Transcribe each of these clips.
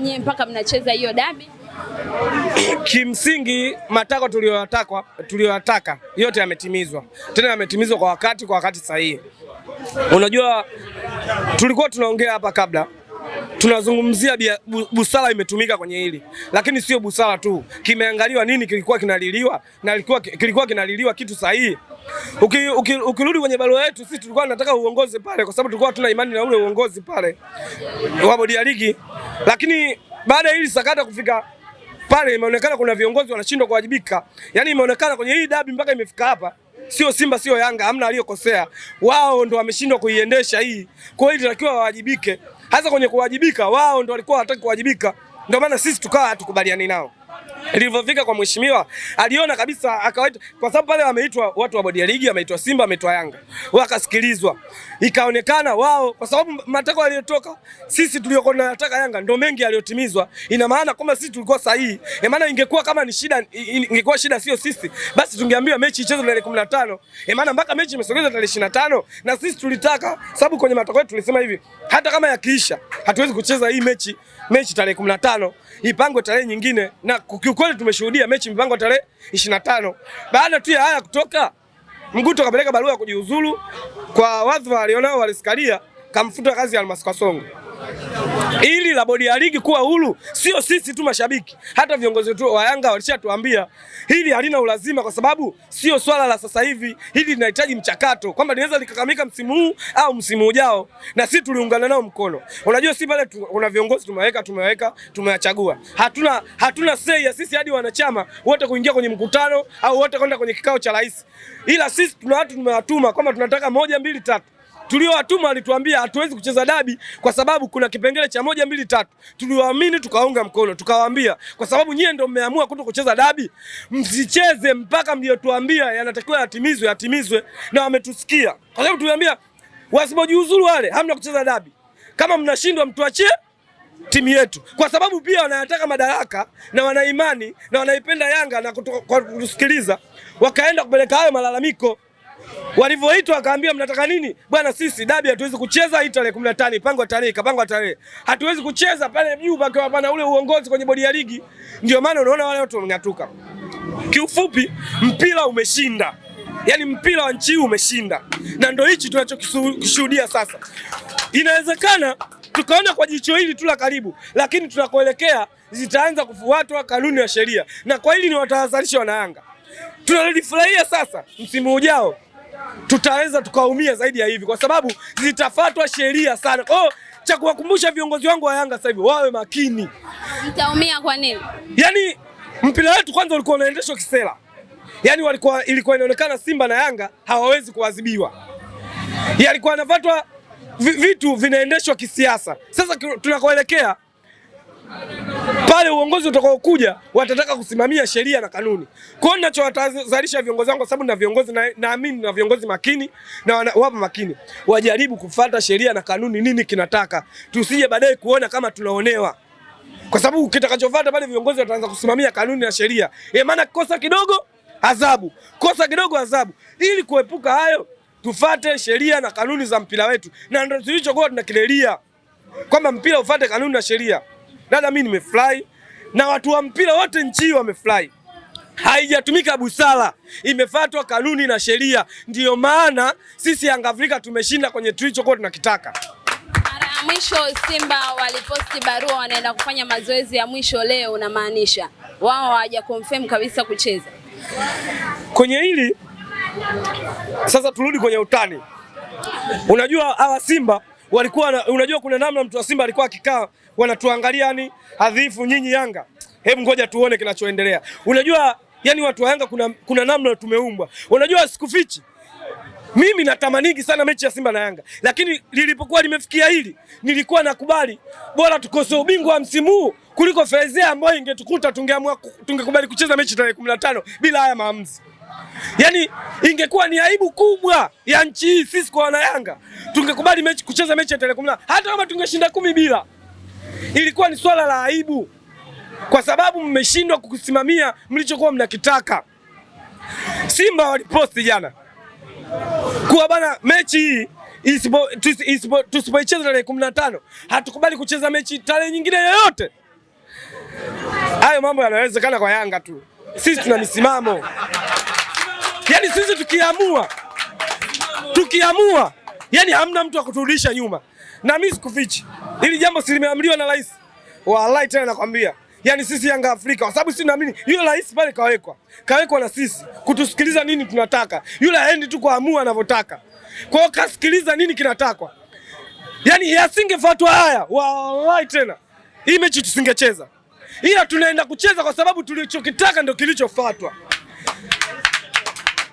Nyie mpaka mnacheza hiyo dabi. Kimsingi matakwa tuliyoyataka tuliyoyataka yote yametimizwa, tena yametimizwa kwa wakati, kwa wakati sahihi. Unajua tulikuwa tunaongea hapa kabla tunazungumzia busara imetumika kwenye hili, lakini sio busara tu, kimeangaliwa nini kilikuwa kinaliliwa na kilikuwa, kilikuwa kinaliliwa kitu sahihi. Ukirudi Uki, uki, kwenye barua yetu sisi tulikuwa tunataka uongozi pale, kwa sababu tulikuwa hatuna imani na ule uongozi pale wa bodi ya ligi, lakini baada ya hili sakata kufika pale imeonekana kuna viongozi wanashindwa kuwajibika. Yaani imeonekana kwenye hii dabi mpaka imefika hapa, sio Simba sio Yanga, hamna aliyokosea, wao ndo wameshindwa kuiendesha hii. Kwa hiyo inatakiwa wawajibike hasa kwenye kuwajibika, wao ndo walikuwa hawataki kuwajibika, ndio maana sisi tukawa hatukubaliani nao. Lilivyofika kwa mheshimiwa, aliona kabisa akawaita, kwa sababu pale wameitwa watu wa bodi ya ligi, wameitwa Simba, wameitwa Yanga, wakasikilizwa. Ikaonekana wao, kwa sababu matakwa yaliyotoka sisi tuliokuwa tunataka Yanga ndio mengi yaliyotimizwa. Ina maana kwamba sisi tulikuwa sahihi, ina maana ingekuwa kama ni shida, ingekuwa shida sio sisi, basi tungeambiwa mechi ichezwe tarehe 15. Ina maana mpaka mechi imesogezwa tarehe 25, na sisi tulitaka, sababu kwenye matakwa yetu tulisema hivi, hata kama yakiisha hatuwezi kucheza hii mechi mechi tarehe 15 ipangwe tarehe nyingine, na kiukweli tumeshuhudia mechi mipango tarehe 25. Baada tu ya haya kutoka, Mguto kapeleka barua ya kujiuzulu kwa wadhifa alionao, walisikalia kamfuta kazi ya Almas Kasongo ili la bodi ya ligi kuwa huru, sio sisi tu mashabiki, hata viongozi wetu wa Yanga walishatuambia hili halina ulazima, kwa sababu sio swala la sasa hivi. Hili linahitaji mchakato, kwamba linaweza likakamika msimu huu au msimu ujao, na sisi tuliungana nao mkono. Unajua, si pale kuna viongozi tumeweka tumeweka tumewachagua, hatuna hatuna sei ya sisi hadi wanachama wote kuingia kwenye mkutano au wote kwenda kwenye kikao cha rais, ila sisi tuna watu tumewatuma kwamba tunataka moja, mbili, tatu tuliowatuma walituambia hatuwezi kucheza dabi kwa sababu kuna kipengele cha moja mbili tatu. Tuliwaamini tukaunga mkono, tukawaambia kwa sababu nyie ndio mmeamua kuto kucheza dabi, msicheze mpaka mliotuambia yanatakiwa yatimizwe, yatimizwe, na wametusikia kwa sababu tuliambia wasipojiuzuru wale hamna kucheza dabi. Kama mnashindwa mtuachie timu yetu, kwa sababu pia wanayataka madaraka na wanaimani na wanaipenda Yanga na kutu, kwa kutusikiliza, wakaenda kupeleka hayo malalamiko. Walivyoitwa akaambia mnataka nini? Bwana sisi dabi hatuwezi kucheza hii tarehe 15 ipangwa tarehe ikapangwa tarehe. Hatuwezi kucheza pale juu pakiwa hapana ule uongozi kwenye bodi ya ligi. Ndio maana unaona wale watu wameng'atuka. Kiufupi mpira umeshinda. Yaani mpira wa nchi umeshinda. Na ndio hichi tunachokishuhudia sasa. Inawezekana tukaona kwa jicho hili tu la karibu, lakini tunakoelekea zitaanza kufuatwa kanuni ya sheria. Na kwa hili ni watahadharisha wanaanga Tunalifurahia sasa msimu ujao tutaweza tukaumia zaidi ya hivi, kwa sababu zitafuatwa sheria sana. Oh, cha kuwakumbusha viongozi wangu wa Yanga sasa hivi wawe makini. Mtaumia kwa nini? Yaani mpira wetu kwanza ulikuwa unaendeshwa kisera yaani walikuwa ilikuwa inaonekana Simba na Yanga hawawezi kuadhibiwa, yalikuwa yanafuatwa vitu vinaendeshwa kisiasa. Sasa tunakoelekea pale uongozi utakaokuja watataka kusimamia sheria na kanuni. Kwa hiyo ninachowatazalisha viongozi wangu, sababu na viongozi naamini na, na viongozi makini na wapo makini, wajaribu kufuata sheria na kanuni, nini kinataka, tusije baadaye kuona kama tunaonewa, kwa sababu kitakachofuata pale viongozi wataanza kusimamia kanuni na sheria. E, maana kosa kidogo adhabu, kosa kidogo adhabu. Ili kuepuka hayo, tufate sheria na kanuni za mpira wetu, na ndio tulichokuwa tunakililia kwamba mpira ufate kanuni na sheria. Dada, mimi nimefurahi na watu wa mpira wote nchi wamefurahi. Haijatumika busara, imefuatwa kanuni na sheria. Ndiyo maana sisi Yanga Afrika tumeshinda kwenye tulichokuwa tunakitaka. Mara ya mwisho Simba waliposti barua wanaenda kufanya mazoezi ya mwisho leo, unamaanisha wao hawaja confirm kabisa kucheza kwenye hili. Sasa turudi kwenye utani, unajua hawa Simba walikuwa na, unajua, kuna namna mtu wa Simba alikuwa akikaa, wanatuangalia yani hadhifu nyinyi Yanga, hebu ngoja tuone kinachoendelea. Unajua yani watu wa Yanga kuna, kuna namna tumeumbwa. Unajua sikufichi mimi natamanigi sana mechi ya Simba na Yanga, lakini lilipokuwa limefikia hili nilikuwa nakubali bora tukose ubingwa wa msimu huu kuliko fezea ambayo ingetukuta tungeamua tungekubali kucheza mechi tarehe 15 bila haya maamuzi. Yaani ingekuwa ni aibu kubwa ya nchi hii sisi kwa wana Yanga. tungekubali mechi, kucheza mechi ya tarehe kumi na hata kama tungeshinda kumi bila. Ilikuwa ni swala la aibu kwa sababu mmeshindwa kukisimamia mlichokuwa mnakitaka. Simba waliposti jana kuwa bana, mechi hii isipo tusipoicheza tarehe kumi na tano hatukubali kucheza mechi tarehe nyingine yoyote. Hayo mambo yanawezekana kwa Yanga tu, sisi tuna misimamo Yaani sisi tukiamua tukiamua, yani hamna mtu wa kuturudisha nyuma, na mimi sikufichi hili jambo, silimeamriwa na rais. Wallahi tena nakwambia Yaani sisi Yanga Afrika kwa sababu sisi tunaamini yule rais pale kawekwa. Kawekwa na sisi kutusikiliza nini tunataka. Yule haendi tu kuamua anavyotaka. Kwa hiyo kasikiliza nini kinatakwa. Yaani yasingefuatwa haya. Wallahi tena. Hii mechi tusingecheza. Ila tunaenda kucheza kwa sababu tulichokitaka ndio kilichofuatwa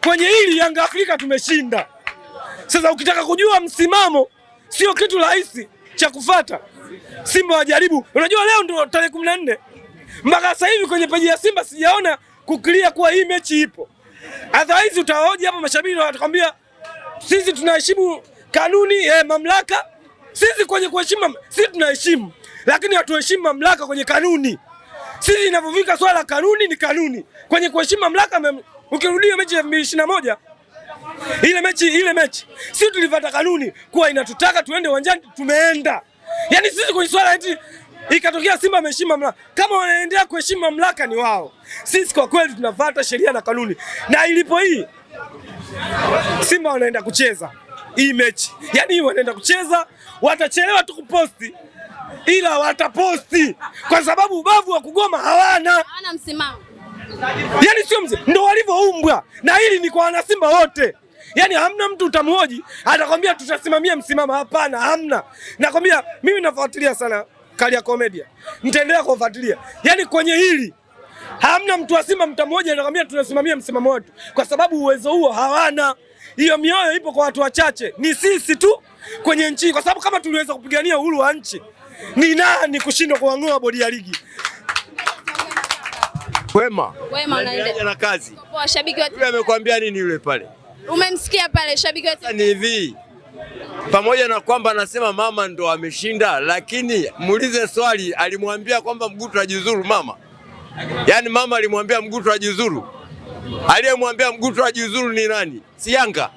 kwenye hili Yanga Afrika tumeshinda. Sasa ukitaka kujua msimamo, sio kitu rahisi cha kufata. Simba wajaribu, unajua leo ndo tarehe kumi na nne. Mpaka sasa hivi kwenye peji ya Simba sijaona kuklia kuwa hii mechi ipo. Otherwise utawahoji hapa mashabiki watakwambia sisi tunaheshimu kanuni eh, mamlaka. Sisi kwenye kuheshimu, sisi tunaheshimu, lakini hatuheshimu mamlaka kwenye kanuni. Sisi inavyofika swala kanuni ni kanuni, kwenye kuheshimu mamlaka mem... Ukirudia mechi ya mbili moja ile mechi ile mechi sisi tulipata kanuni kuwa inatutaka tuende uwanjani, tumeenda. Yani sisi kwenye swala eti ikatokea Simba ameheshimu mamlaka, kama wanaendelea kuheshimu mamlaka ni wao. Sisi kwa kweli tunafuata sheria na kanuni, na ilipo hii Simba wanaenda kucheza hii mechi, yani hii wanaenda kucheza, watachelewa tu kuposti ila wataposti kwa sababu ubavu wa kugoma hawana, hawana msimamo. Yaani sio mzee, ndo walivyoumbwa, na hili ni kwa wanasimba wote. Yaani hamna mtu utamhoji atakwambia tutasimamia msimamo, hapana, hamna. Nakwambia mimi nafuatilia sana Kariakoo Media, nitaendelea kufuatilia. Yaani kwenye hili hamna mtu wa Simba mtamhoji anakwambia tunasimamia msimamo wetu, kwa sababu uwezo huo hawana. Hiyo mioyo ipo kwa watu wachache, ni sisi tu kwenye nchi, kwa sababu kama tuliweza kupigania uhuru wa nchi, ni nani kushindwa kuwang'oa bodi ya ligi? Wema. Wema anaendelea na kazi. Poa shabiki wa. Yule amekwambia nini yule pale? Umemsikia pale shabiki wa. Ni hivi. Pamoja na kwamba anasema mama ndo ameshinda, lakini muulize swali, alimwambia kwamba Mgutu ajiuzuru mama? Yaani mama alimwambia Mgutu ajiuzuru? Aliyemwambia Mgutu ajiuzuru ni nani? Si Yanga.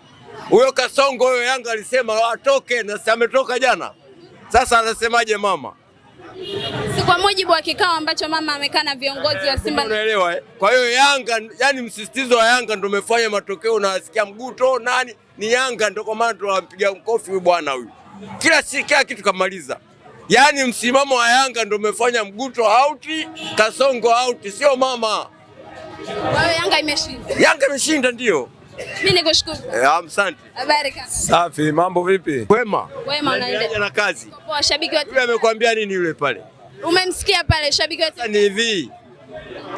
Huyo Kasongo huyo Yanga alisema atoke na ametoka jana. Sasa anasemaje mama? Si kwa mujibu wa kikao ambacho mama amekaa na viongozi wa Simba. Unaelewa eh? Kwa hiyo Yanga, yani msisitizo wa Yanga ndio umefanya matokeo na asikia mguto nani ni Yanga, ndio kwa maana tunampiga mkofi huyu bwana huyu. Kila sikia kitu kamaliza. yani msimamo wa Yanga ndio umefanya mguto auti, Kasongo auti, sio mama. Kwa hiyo Yanga imeshinda. Yanga imeshinda ndio. Mimi nikushukuru. Eh, asante. Habari kaka? Safi, mambo vipi? Kwema. Kwema naendelea na kazi. Poa, shabiki wa. Yule amekwambia nini yule pale? Umemsikia pale shabiki wa. Ni hivi.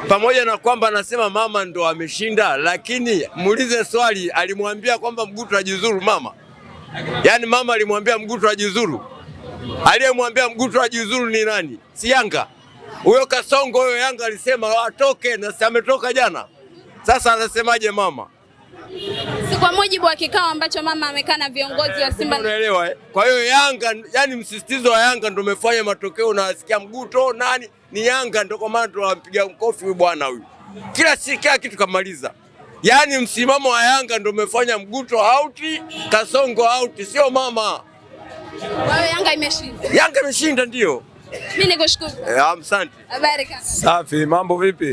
Pamoja na kwamba anasema mama ndo ameshinda, lakini muulize swali, alimwambia kwamba Mgutu ajizuru mama? Yaani mama alimwambia Mgutu ajizuru? Aliyemwambia Mgutu ajizuru ni nani? Si Yanga. Huyo Kasongo huyo Yanga alisema atoke na si ametoka jana. Sasa anasemaje mama? Si kwa mujibu wa kikao ambacho mama amekaa na viongozi wa Simba. Unaelewa eh? Kwa hiyo Yanga, yani msisitizo wa Yanga ndio umefanya matokeo unasikia mguto nani ni Yanga ndio kwa maana tunampiga mkofi huyu bwana huyu. Kila siku kila kitu kamaliza. Yaani msimamo wa Yanga ndio umefanya mguto auti Kasongo auti sio mama. Kwa hiyo Yanga imeshinda. Yanga imeshinda ndio. Mimi nikushukuru. Eh, asante. Habari kaka. Safi, mambo vipi?